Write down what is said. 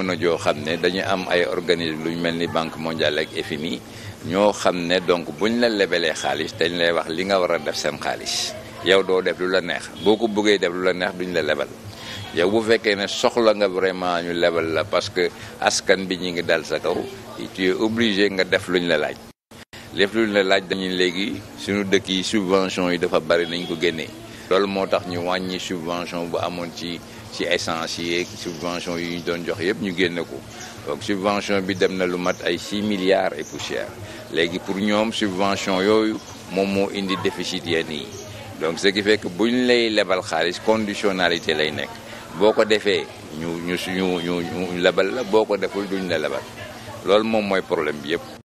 jamono joo xam ne dañu am ay organisme lu ñu mel ni banque mondiale ak FMI ñoo xam ne donc buñ la lebelee xaalis dañ lay wax li nga war a def seen xaalis yow doo def lu la neex boo ko bëggee def lu la neex duñ la lebal yow bu fekkee ne soxla nga vraiment ñu lebal la parce que askan bi ñu ngi dal sa kaw tu es obligé nga def luñ la laaj. def luñ la laaj dañuy léegi suñu dëkk yi subvention yi dafa bari nañ ko génnee. loolu moo tax ñu wàññi subvention bu amoon ci ci essence yi subvention yi ñu doon jox yëpp ñu génne ko donc subvention bi dem na lu mat ay 6 milliards et poussière léegi pour ñoom subvention yooyu moom moo indi déficit yenn yi donc ce qui fekk bu ñu lay lebal xaalis conditionnalité lay nekk boo ko defee ñu ñu suñu ñu labal la boo ko deful du duñ la labal loolu moom mooy problème bi yëpp